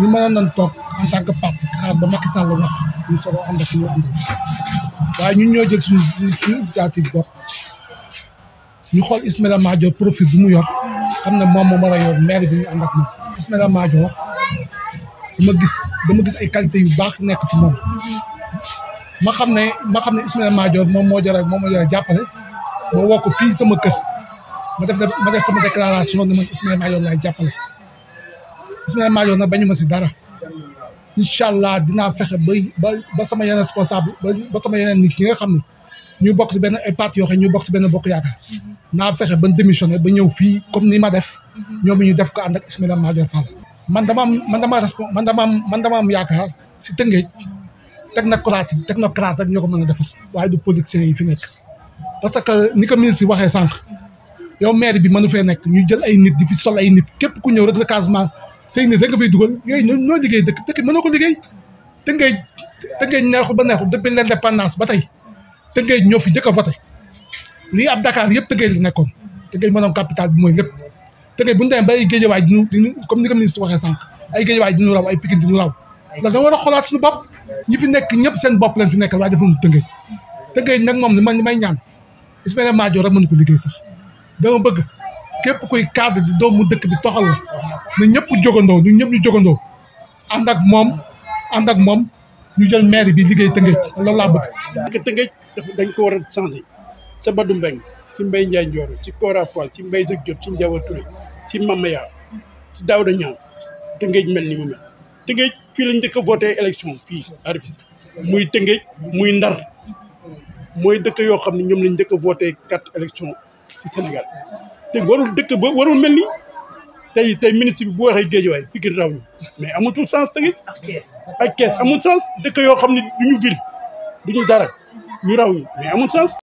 ñu mënoon nañ toog en tant que parti xaar ba Macky Sall wax ñu soog a ànd ak ñu àndal waaye ñun ñoo jël suñu suñu bopp ñu xool Ismaïla Madior profil bi mu yor xam ne moom moo ma a yor maire bi ñu ànd ak moom Ismaïla Madior dama gis dama gis ay qualité yu baax nekk si moom ma xam ne ma xam ne Ismaïla Madior moom moo jore moom moo jore jàppale moo woo ko fii sama kër ma def ma def sama déclaration ne a Ismaïla laay jàppale Souleymane Madior na bañu ma si dara inshallah dina dinaa fexe ba ba sama yeneen responsable ba sama yeneen nit yi nga xam ne ñu bokk si benn ay parti yoo xam ñu bokk si benn bokk yaakaar naa fexe ba démissionné ba ñëw fii comme ni ma def ñoom ñu def ko ànd ak ismaila Madior Fall man dama man dama respon man dama man dama am yaakaar si tëngeej technocrate technocrate ak ñoo ko mën a defar waaye du politiciens yi fi nekk parce que ni ko ministre yi waxee sànq yow maire bi mënu fee nekk ñu jël ay nit di fi sol ay nit képp ku ñëw rek le casement say nit rek nga fay dugal yooyu ñoo ñoo liggéey dëkk dëkk mënoo ko liggéey Tëngéej Tëngéej neexul ba neexul depuis l'indépendance ba tey Tëngéej ñoo fi njëkk a voté lii ab Dakar yëpp Tëngéej la nekkoon Tëngéej moo doon capital bi mooy lépp Tëngéej bu ñu demee ba ay géejewaay di ñu di ñu comme ni ko ministre waxee sànq ay géejewaay di ñu ay Pikine di ñu raw la war a xoolaat suñu bopp ñi fi nekk ñëpp seen bopp leen fi nekkal waaye dafa mu Tëngéej Tëngéej nag moom li man li may ñaan Ismaïla Madior rek mënu ko liggéey sax dama bëgg képp koy cadre di doomu dëkk bi toxal la na ñëpp jógandoo ñu ñëpp ñu jógandoo ànd ak moom ànd ak moom ñu jël maire bi liggéey Tëngéej loolu laa bëgg. Tëngéej dañ ko war a changé sa Badou Mbengue ci Mbaye Ndiaye Ndioro ci Cora Fall ci Mbaye Jëg Diop ci Ndiawa ci Mamaya ci Daouda Niang Tëngéej mel ni fii lañ njëkk a voté élection fii à muy Tëngéej muy Ndar mooy dëkk yoo xam ne ñoom lañ jëkk a voté quatre élection si Sénégal. te warul dëkk ba warul mel nii tey tey ministre bi bu waxee géejuwaay Pikine raw ñu mais amatul sens tamit ak kees amul sens dëkk yoo xam ne duñu ville ñu dara ñu raw ñu mais amul sens